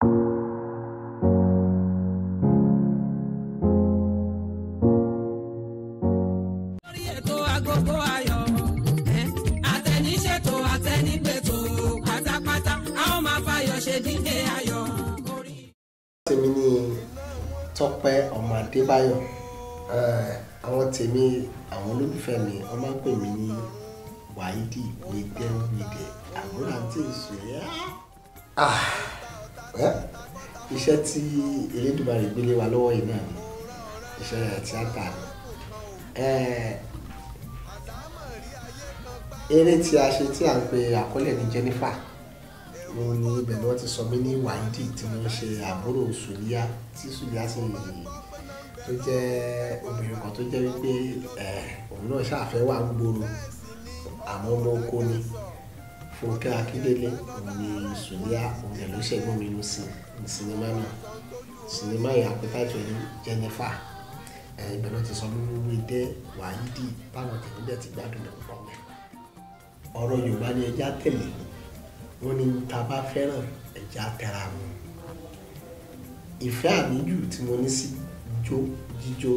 tèmi ni Tọ́pẹ́ ọmọ Adébáyọ̀ àwọn tèmi àwọn olólùfẹ́ mi wọ́n máa ń pè mí ní wáídì wíjẹ́ wíjẹ́ àmúra tí ì iṣẹ́ tí elédùnmarè gbélé wa lọ́wọ́ yìí náà ni iṣẹ́ tíátà ni eré tí a ṣe tí à ń pe àkọlé ní Jennifer mo ní ibẹ̀ ni wọ́n ti sọ mí ní wáńdì tí wọ́n ṣe àbúrò sùlíà tí sùlíà sì tó jẹ́ obìnrin kan tó jẹ́ wípé òun náà ṣàfẹ́ wà ń gbòòrò àmọ́ ọmọ oko ni fúnkẹ́ akíndélé òní sùdíà òní ló ṣẹ́gun mi ló sí ní sinimá náà sinimá yìí àpẹtàjọ yìí jẹnifà ibẹ̀ náà ti sọ lórí dé wàhídì táwọn tèmi dẹ̀ ti gbádùn ní púpọ̀ mẹ́. ọ̀rọ̀ yorùbá ni ẹja tẹ̀lé wọn ni ta bá fẹ́ràn ẹja tẹra mu. ìfẹ́ àmìjù tí mo ní sí jó jíjó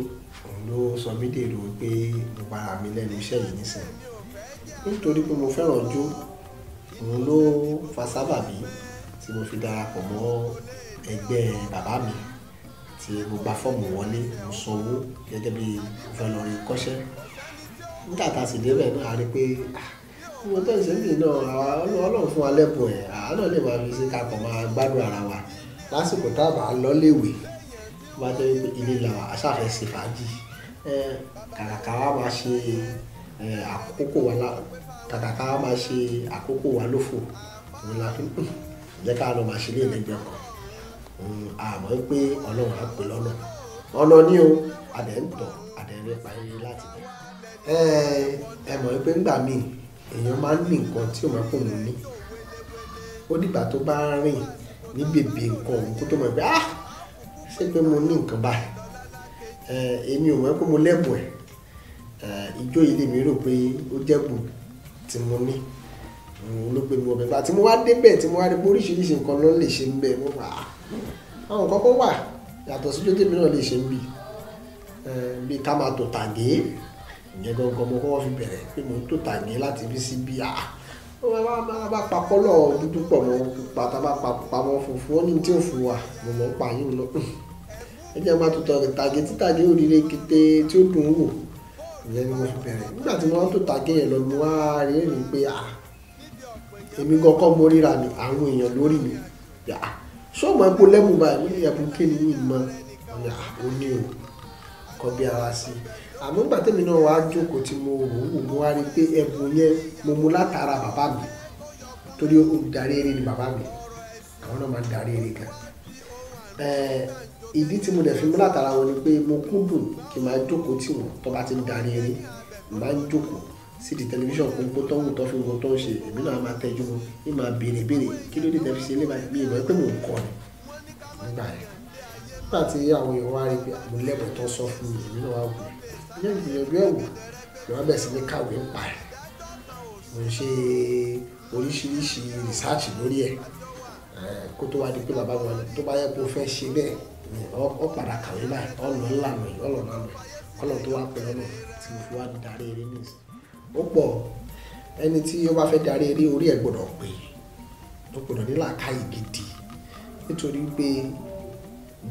òun ló sọ mí dèrò pé mo para mi lẹ́nu iṣẹ́ yìí nísìnyí nítorí pé mo fẹ́ràn jó òun ló fa sábàbí tí mo fi darapọ̀ mọ́ ẹgbẹ́ bàbá mi tí mo gba fọ́ọ̀mù wọlé mo sanwó gẹ́gẹ́ bí mo fẹ́ lọ rí kọ́ṣẹ́ nígbà tá a sì débẹ̀ náà a rí pé mo tẹ́ ìṣẹ́yìn náà ọlọ́run fún wa lẹ́bùn ẹ̀ àánà lè máa fi ṣe ká kàn máa gbádùn ara wa lásìkò tá a bá lọ léwe bá jẹ́ ilé làwọn aṣáfẹ́ ṣe fàájì kàràkà wa máa ṣe Eh, àkókò wa kàkà ká máa ṣe àkókò wa lófò òun la fi ń pè jẹ́ ká lọ máa ṣe ilé ìlẹ́gbẹ̀ẹ́ kan àmọ́ pé ọlọ́run á pè lọ́nà ọ̀nà ni o àdẹ̀ ń tọ̀ àdẹ̀ ń pa eré láti bẹ̀. Eh, ẹ mọ̀ pé ńgbà míì èèyàn máa ń ní nǹkan tí ò máa kò ní ní ó dìgbà tó bá rìn ní bèbè nǹkan òun kó tó mọ̀ pé ah ṣé pé mo ní nǹkan báyìí eh, èmi ò mọ̀ pé mo lẹ́bùn ẹ̀ Eh, ijó yìí lèmi rò pé ó jẹ́bù tí mo ní òun ló gbé mi wọ̀bẹ̀ gbà tí mo wá débẹ̀ tí mo wá rí pé oríṣiríṣi nǹkan ló lè ṣe ń bẹ̀ mo wà á àwọn nǹkan kan wà yàtọ̀ síjó tèmi náà lè ṣe ń bì eh, bí ká máa tò tàgé ìyẹn gangan mo kọ́kọ́ fi bẹ̀rẹ̀ pé mo ń tò tàgé láti bí sí bí a ah, bá pa kọ́lọ̀ dúdú pọ̀ mọ́ pátá bá pa pamọ́ funfun ó ní tí ò fún wa mo mọ̀ ń pa yín lọ ẹ jẹ́ máa tò tàgé títàgé òrìrè kété tí ó dùn ún wò ìyẹn ni mo fi bẹ̀rẹ̀ nígbà tí wọ́n tó tàgé yẹn lọ mo wá rí ẹ̀ ní pé à èmi kọ́kọ́ mo ríra mi àwọn èèyàn lórí mi ṣọ́ọ̀mù ẹ̀kú lẹ́mú báyìí ní ẹ̀kú kí ni yìí mọ́ ọ̀yà ó ní o kọ́ bí ara sí i àmọ́ nígbà tẹ́mi náà wàá jókòó tí mo wò wò mo wá rí i pé ẹ̀bùn yẹn mo mú látara bàbá mi torí olùdarí eré ni bàbá mi àwọn náà máa ń darí eré gan ìdí tí mo dẹ̀ fi mú látara wọn ni pé mo kúndùn kí n máa jókòó tì wọ́n tó bá ti ń darí eré màá ń jókòó sí di tẹlifíṣàn kó gbó tọ́wọ́ tó fi wọ́n tó ń ṣe èmi náà máa tẹ́jú wọn ní máa béèrè béèrè kí ló dé tẹ́ fi ṣe lébà mi ìmọ̀ pé mò ń kọ́ ni nígbà yẹn nígbà tí àwọn èèyàn wá rí pé àwọn lẹ́bùn tó sọ fún mi èmi náà wá wù ní ìgbìyànjú ẹ̀wò ìwà bẹ̀ sí ní kàwé ń pa ẹ̀ mo ń ṣe oríṣiríṣi rìsáàcì lórí ẹ̀ kó tó ọ padà kàwé báyìí ọlọ ńlá lọ yìí ọlọ náà lọ ọlọ tó wá pẹ ọlọ tí mo fi wá darí eré nìyí ó pọ̀ ẹni tí ó bá fẹ́ darí eré orí ẹ̀ gbọ́dọ̀ pé ó gbọ́dọ̀ ní làákàyè gidi nítorí pé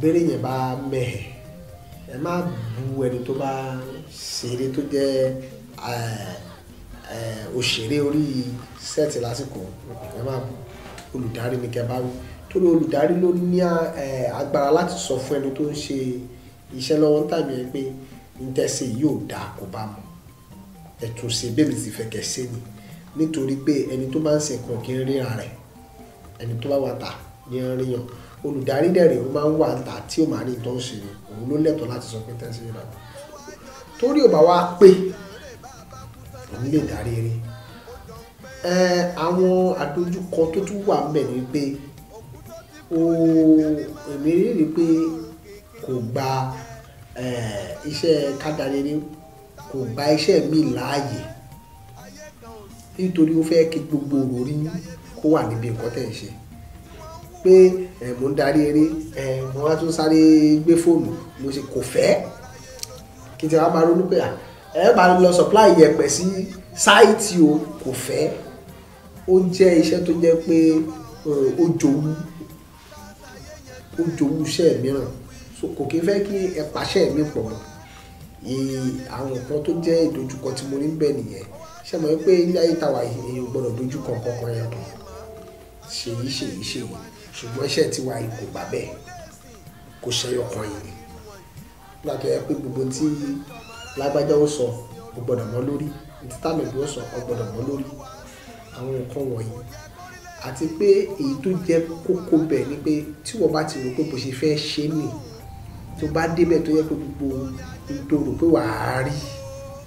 béèrè yẹn bá mẹhẹ ẹ má bu ẹni tó bá ṣeré tó jẹ òṣèré orí sẹẹtì lásìkò ẹ má bu olùdarí ni kẹ bá wí torí olùdarí ló ní agbára láti sọ fún ẹni tó ń ṣe iṣẹ́ lọ́wọ́ tàbí ẹ pé ntẹ́sẹ̀ yóò dáa kó bá mu ẹ̀tún ṣe bẹ́ẹ̀ mi ti fẹ́ ṣe ni nítorí pé ẹni tó bá ń ṣe nǹkan kì í ríran rẹ̀ ẹni tó bá wà tà ní ríyan olùdarí dẹ̀rẹ̀ ó máa ń wà tà tí ò máa rí nǹkan ṣe ni òun ló lẹ́tọ̀ọ́ láti sọ pé tẹ́sí yóò dáa torí ò bá wá pé òun lè darí rí àwọn àdójúkọ tó tún wà ń pé o èmi rí rí pé kò gba eh, iṣẹ́ kádàrí ni kò gba iṣẹ́ mi láàyè nítorí ó fẹ́ kí gbogbo òrí kó wà níbi nǹkan tẹ̀ ń ṣe pé ẹ̀ eh, mò ń darí eré ẹ̀ mo wá tún sáré gbé fóònù mo sì kò fẹ́ kí n ti wá máa ronú pé à ẹ bá lọ supply yẹ̀pẹ̀ sí sáìtì o kò fẹ́ ó jẹ́ iṣẹ́ tó jẹ́ pé eh, ó jowú ó jowú iṣẹ́ mìíràn so kò kí n fẹ́ kí ẹ pàṣẹ mi pọ̀ àwọn nǹkan tó jẹ́ ìdojúkọ tí mo ní bẹ́ẹ̀ nìyẹn ṣe mọ̀ pé ilé ayé tàwa èèyàn gbọ́dọ̀ dojúkọ kankan yàtọ̀ ṣèyí ṣèyí ṣèyí ṣùgbọ́n iṣẹ́ tiwa yìí kò bá bẹ́ẹ̀ kò ṣẹyọ kan yìí nígbà tó yẹ pé gbogbo tí lágbájá ó sọ ó gbọ́dọ̀ mọ́ lórí títàmì ló sọ ó gbọ́dọ̀ mọ́ lórí àwọn nǹkan wọ̀nyí àti pé èyí tó jẹ́ kókó bẹ̀ ni pé tí wọ́n bá ti rò pé bó ṣe fẹ́ ṣe nì tó bá débẹ̀ tó yẹ pé gbogbo ohun tó rò pé wàá rí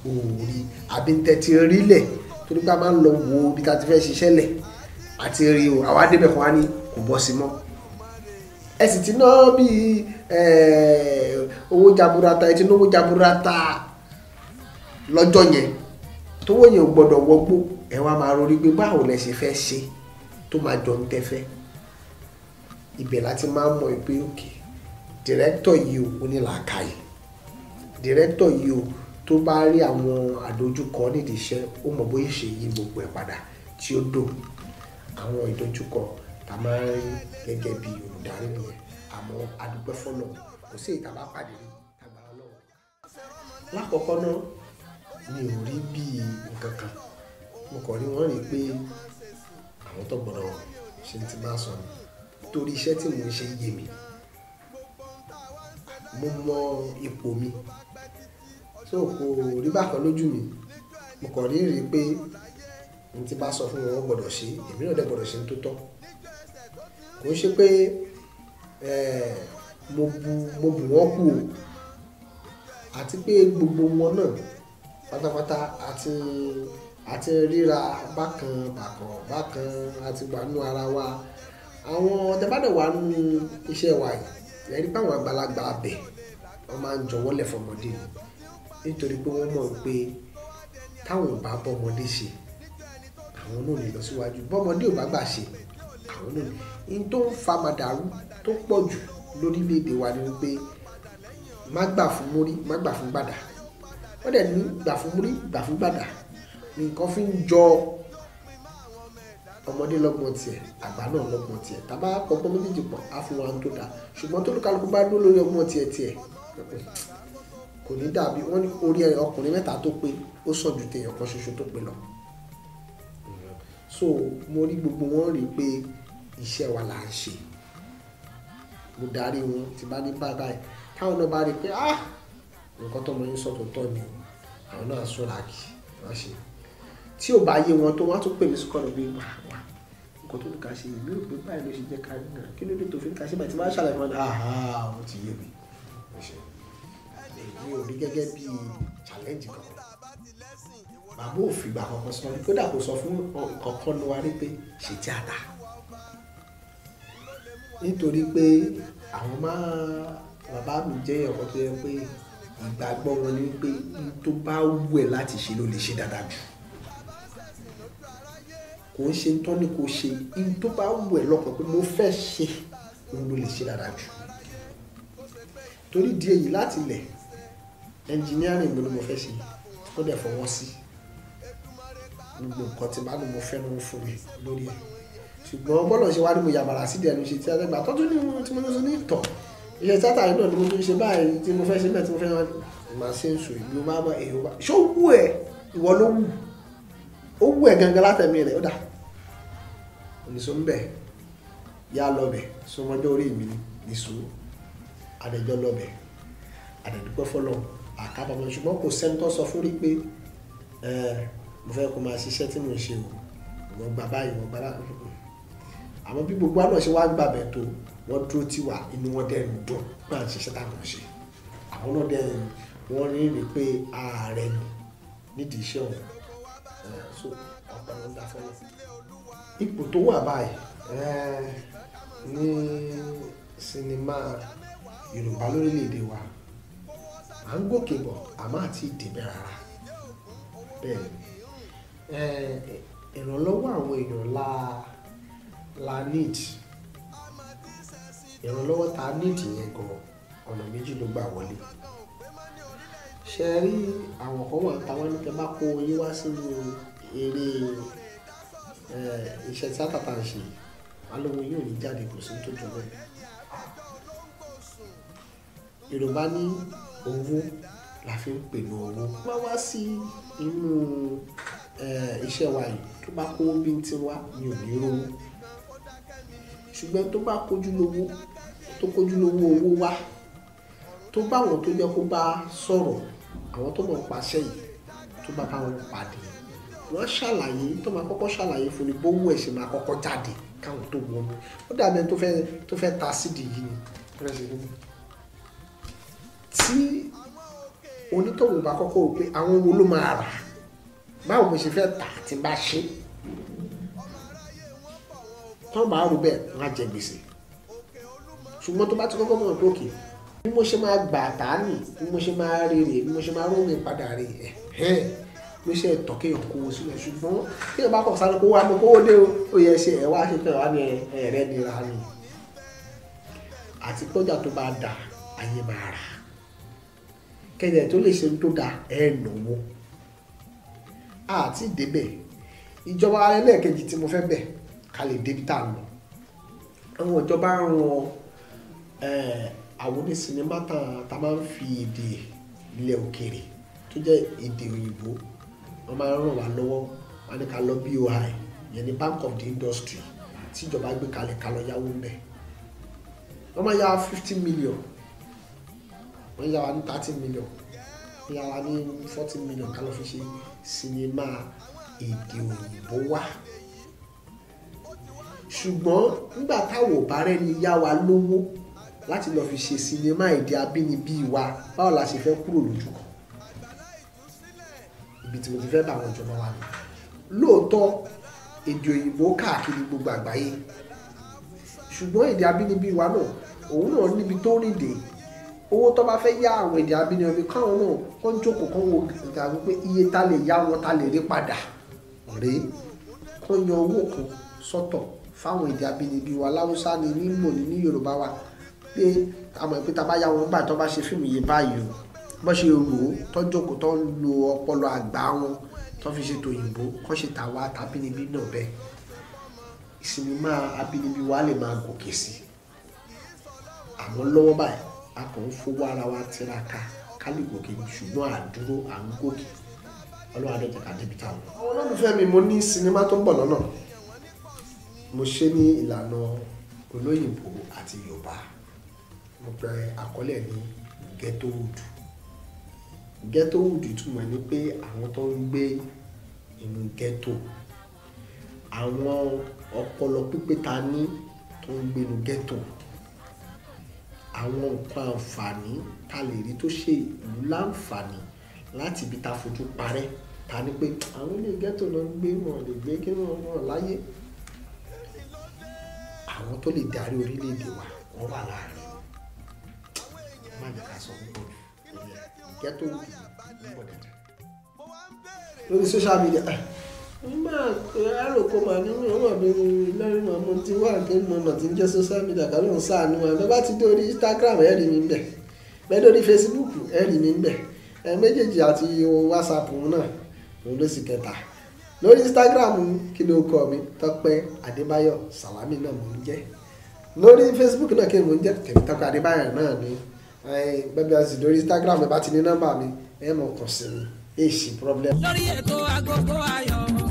òòrí àbí tẹ̀tí rílẹ̀ torí pé a máa ń lọ wo ibi tá a ti fẹ́ ṣiṣẹ́ lẹ̀ àti rí o àwa débẹ̀ kan wá ní kò bọ́ sí mọ́ ẹ sì ti ná bíi owó jaburata ẹ ti ná owó jaburata lọ́jọ́ yẹn tówó yẹn ò gbọ́dọ̀ wọgbó ẹ wá máa rori pé báwo lẹ ṣe fẹ́ ṣe tó máa jọ ń tẹ́fẹ́ ibẹ̀ láti máa mọ̀ pé òkè dìrẹ́tọ̀ yìí ò onílàákàyè dìrẹ́tọ̀ yìí ò tó bá rí àwọn àdójúkọ nídìí iṣẹ́ ó mọ̀ bóyá ṣe yí gbogbo ẹ̀ padà tí ó dò àwọn ìdojúkọ tá a máa ń rí gẹ́gẹ́ bí olùdarí nìyẹn àmọ́ adúpẹ́ fọ́nà kò sí ìta bá pàdé rí agbára lọ́wọ́. lákọ̀ọ́kọ́ náà mi ò rí bíi nǹkan kan mo kàn rí wọ́n rí pé àwọn tó gbọ́dọ̀ ṣe ti máa sọ ni torí iṣẹ́ tí mò ń ṣe yé mi mo mọ ipò mi tó kò rí bákan lójú mi mo kàn rí rí pé n ti bá sọ fún wọn wọ́n ṣe èmi náà dẹ̀ gbọ́dọ̀ ṣe ń tó tọ́ kò ń ṣe pé mo bu mo bù wọ́n kú o àti pé gbogbo wọn náà pátápátá àti àti ríra bákan bàkọ̀ bákan àti wà nù ara wa àwọn tẹ́fàdẹ̀ wà nù iṣẹ́ wa yìí ẹ̀rí pé àwọn àgbàlagbà abẹ wọn máa ń jọwọ́ lẹ̀ fọmọdé nítorí pé wọ́n mọ̀ pé táwọn ò bá bọ́mọdé ṣe àwọn náà lè lọ síwájú bọ́mọdé ò bá gbà ṣe àwọn náà ní tó ń fa màdàrú tó pọ̀ jù lórílẹ̀‐èdè wa ni wípé má gbà fún mórí má gbà fún gbàdà wọ́n dẹ̀ ní gbà fún mórí gbà fún gbàdà nǹkan fi ń jọ ọmọdé lọ́gbọ́n tiẹ̀ àgbà náà lọ́gbọ́n tiẹ̀ tàbá ọgbọ́n méjèèjì pọ̀ á fún wa tó dáa ṣùgbọ́n tó lùkàlùkù bá dúró lórí ọgbọ́n tiẹ̀ tiẹ̀ kò ní dàbí wọ́n ní orí ọkùnrin mẹ́ta tó pé ó sàn ju tèèyàn kan ṣoṣo tó pé lọ so mo rí gbogbo wọn rí pé iṣẹ́ wa là ń ṣe mo darí wọn ti bá ní bàbá ẹ̀ táwọn náà bá rí pé ah nǹkan tó mọ yín sọ̀tọ̀ tọ́ ni àwọn náà sọ̀rọ̀ àkì wọ́n ṣe tí ò bá yé wọn tó wá tún pè mí sọ́kọ̀rọ̀ bí wà wà nǹkan tó ní ká ṣe èmi ò pé báyìí ló ṣe jẹ́ ká nà kí ló dé tó fi ń ká ṣe báyìí tí máa ṣàlàyé wọn àhá àwọn ti yé mi èyí ò rí gẹ́gẹ́ bí challenge kan bàbá ò fìgbà kankan sọ kódà kò sọ fún ọ̀kan nu wa rí pé ṣe tíátà nítorí pé àwọn máa bàbá mi jẹ́ ọ̀kan tó yẹ pé ìgbàgbọ́ wọn ni pé tó bá wù ẹ́ láti ṣe ló lè ṣe dáadáa jù kò ń ṣe ń tọ́ ni kò ṣe in tó bá wù ẹ́ lọ́kàn pé mo fẹ́ ṣe òun ló lè ṣe dáadáa jù torí di èyí láti lẹ̀ ẹnjìnírìn mi ni mo fẹ́ ṣe ó dẹ̀ fọwọ́ sí gbogbo nǹkan tí bá ní mo fẹ́ ló fún mi lórí ẹ̀ ṣùgbọ́n bọ́lọ̀ ṣe wá ní mo yàbàrà sí ìdẹ̀nu ṣe tí a gbà tọ́jú ní ohun tí mo tún ní ìtọ̀ iṣẹ́ tíátà yìí náà ni mo tún ṣe báyìí tí mo fẹ́ ṣe bẹ́ẹ̀ tí mo fẹ́ wọn máa ṣe ń sùn ìlú máa mọ èèyàn ṣó wù ẹ́ ìwọ ló wù ó wù ẹ́ gangan látẹ̀mí rẹ̀ ó dà nìṣó ń bẹ̀ yá lọ́bẹ̀ sọmọjọ́ orí mi nisu àdẹ̀jọ́ lọ́bẹ̀ àdẹ̀dúpẹ́ fọlọ́ àkábàmọ́ ṣùgbọ́n kò sẹ́ni tó sọ fún rí pé mo fẹ́ kó máa ṣiṣẹ́ tí mo ṣe o wọ́n gbà mo wọ́n gbà báyìí àmọ́ bí gbogbo àná ṣe wá gbàbẹ̀ tó wọ́n dúró tì wá inú wọn dẹ̀ ń dùn náà ṣiṣẹ́ tá à ń ṣe àwọn náà dẹ̀ rí rí pé ààrẹ ni nídìí iṣẹ́ òun so ọ̀pọ̀ ló ń dá fọ́lọ́ ipò tó wà báyìí ní sinimá yorùbá lórílẹ̀‐èdè wa à ń gòkè bọ̀ àmọ́ àti ìdìbẹ̀ rárá bẹ́ẹ̀ ìrànlọ́wọ́ àwọn èèyàn la la need ìrànlọ́wọ́ ta need yẹn gan ọ̀nà méjì ló gbà wọlé ṣe rí àwọn kan wà táwọn ní kẹ bá kó yín wá sínú eré iṣẹ́ tíátà tá à ń ṣe alóhun yóò ní jáde kò sí tó jọ bẹ́ẹ̀. Yorùbá ní owó la fi ń pèlò owó. wá wá sí inú iṣẹ́ wa yìí tó bá kó bí ti wá mi ò ní rówó ṣùgbọ́n tó bá kojú lówó tó kojú lówó owó wá tó bá àwọn tó yẹ kó bá sọ̀rọ̀ àwọn tó mọ̀ pàṣẹ yìí tó bá bá wọn pàdé wọ́n ṣàlàyé tó máa kọ́kọ́ ṣàlàyé fún ni bówó ẹ̀ ṣe máa kọ́kọ́ jáde káwọn tó wọ́n mi ó dàbí ẹni tó fẹ́ tó fẹ́ ta sídìí yìí ni tí onítọ̀hún bá kọ́kọ́ wò pé àwọn wo ló máa rà báwo mo ṣe fẹ́ tà tí n bá ṣe tọ́ bá rò bẹ́ẹ̀ wọ́n á jẹ gbèsè ṣùgbọ́n tó bá ti kọ́kọ́ mọ̀ pé òkè bí mo ṣe máa gbà tá nì bí mo ṣe máa rèrè bí mo ṣe máa rómi padà rè ẹ̀ ló ṣe ẹ̀tọ́ kéèyàn kó o sílẹ̀ ṣùgbọ́n kéèyàn bá kọ̀ sáré kó wá mú kó o dé o yẹ ṣe ẹ̀ wá ṣe fẹ́ wá ní ẹ̀rẹ́ nira ni àti pọ́jà tó bá dà ayé máa rà kẹ́nyẹ̀ tó lè ṣe tó dà ẹ̀ náwó àti débẹ̀ ìjọba ẹlẹ́ẹ̀kejì tí mo fẹ́ bẹ̀ ká lè débi tá a lọ àwọn ìjọba ń àwọn onísinimá tá a máa ń fi èdè ilẹ̀ òkèèrè tó jẹ́ èdè òyìnbó wọ́n máa ń ràn wá lọ́wọ́ wọ́n á ní ká lọ BOI ìyẹn ní bank of the industry tí ìjọba gbé kalẹ̀ ká lọ yáwó ńbẹ̀ wọ́n máa yá wa fifty million wọ́n yá wa ní thirty million wọ́n yá wa ní forty million ká lọ fi ṣe sinimá èdè òyìnbó wá ṣùgbọ́n nígbà táwọn ò bá rẹ́ni yá wa lówó láti lọ fi ṣe sinimá èdè abínibí wa báwo la ṣe fẹ́ kúrò lójú ibi tí mo ti fẹ́ bá àwọn ìjọba wa ni lóòótọ́ èdè òyìnbó káàkiri gbogbo àgbáyé ṣùgbọ́n èdè abínibí wa náà òun náà níbi tó rìn dé owó tó bá fẹ́ yá àwọn èdè abínibí káwọn náà kọ́ ń jókòó kọ́ ń wo ìgbà wípé iye ta lè yá wọn ta lè rí padà rèé kọ́ yan owó kan sọ́tọ̀ fáwọn èdè abínibí wa láwùsá ni ní Ìgbò ni ní Yorùbá wa pé àmọ̀ ìpè tá a bá yá wọn gbà tó bá ṣe fíìmù yìí báyìí o bọ́n ṣe rò ó tọ́jọ́kù tó ń lo ọpọlọ àgbà wọn tó fi ṣètò òyìnbó kọ́ ṣe tàwa tàbínibí náà bẹ́ẹ̀ ìsinmi máa abínibí wa lè máa gòkè sí àmọ́ lọ́wọ́ báyìí a kàn ń fowó ara wa tiraka ká lè gòkè ṣùgbọ́n àdúró à ń gòkè ọlọ́run adẹ́jẹ́ ká débi táwọn. àwọn olólùfẹ́ mi mo ní sinimá tó ń bọ̀ lọ́nà mo ṣe ní ìlànà olóyìnbó àti yorùbá mo pẹ àkọlé ní ghetto hood ghettohood túmọ̀ ní pé àwọn tó ń gbé inú ghetto àwọn ọpọlọ pípé ta ní tó ń gbé inú ghetto àwọn nǹkan àǹfààní ta lè rí tó ṣe ìlú láǹfààní láti ibi ta fojú parẹ́ ta ni pé àwọn ilé ghetto náà ń gbé wọn lè gbé kí wọn wọn láyé àwọn tó lè darí orílẹ̀-èdè wa wọ́n wà láàrin má jẹ́ ká sọ púpọ̀ jù kẹ́ tó lórí social media nígbà ẹrù kó máa nínú ọmọ mi lẹ́rìn ọmọ tí wà ní mọ̀mọ́ tí ń jẹ́ social media kan ló ń sàánú bẹ́ẹ̀ bá ti dórí Instagram ẹ rí mi ń bẹ̀ bẹ́ẹ̀ dórí Facebook ẹ rí mi ń bẹ̀ ẹ méjèèjì àti WhatsApp náà òun ló sì kẹta lórí Instagram kí ló kọ mi Tọ́pẹ́ Adébáyọ̀ Sàlámì náà mò ń jẹ́ lórí Facebook náà kí mò ń jẹ́ Tèmítọ́pẹ́ Adébáyọ̀ náà ni bẹ́ẹ̀ bá ti dórí Instagram ẹ bá ti ní nọ́mbà mi ẹ mọ̀ kàn sí mi èsì problem. lórí ètò agogo ayọ̀.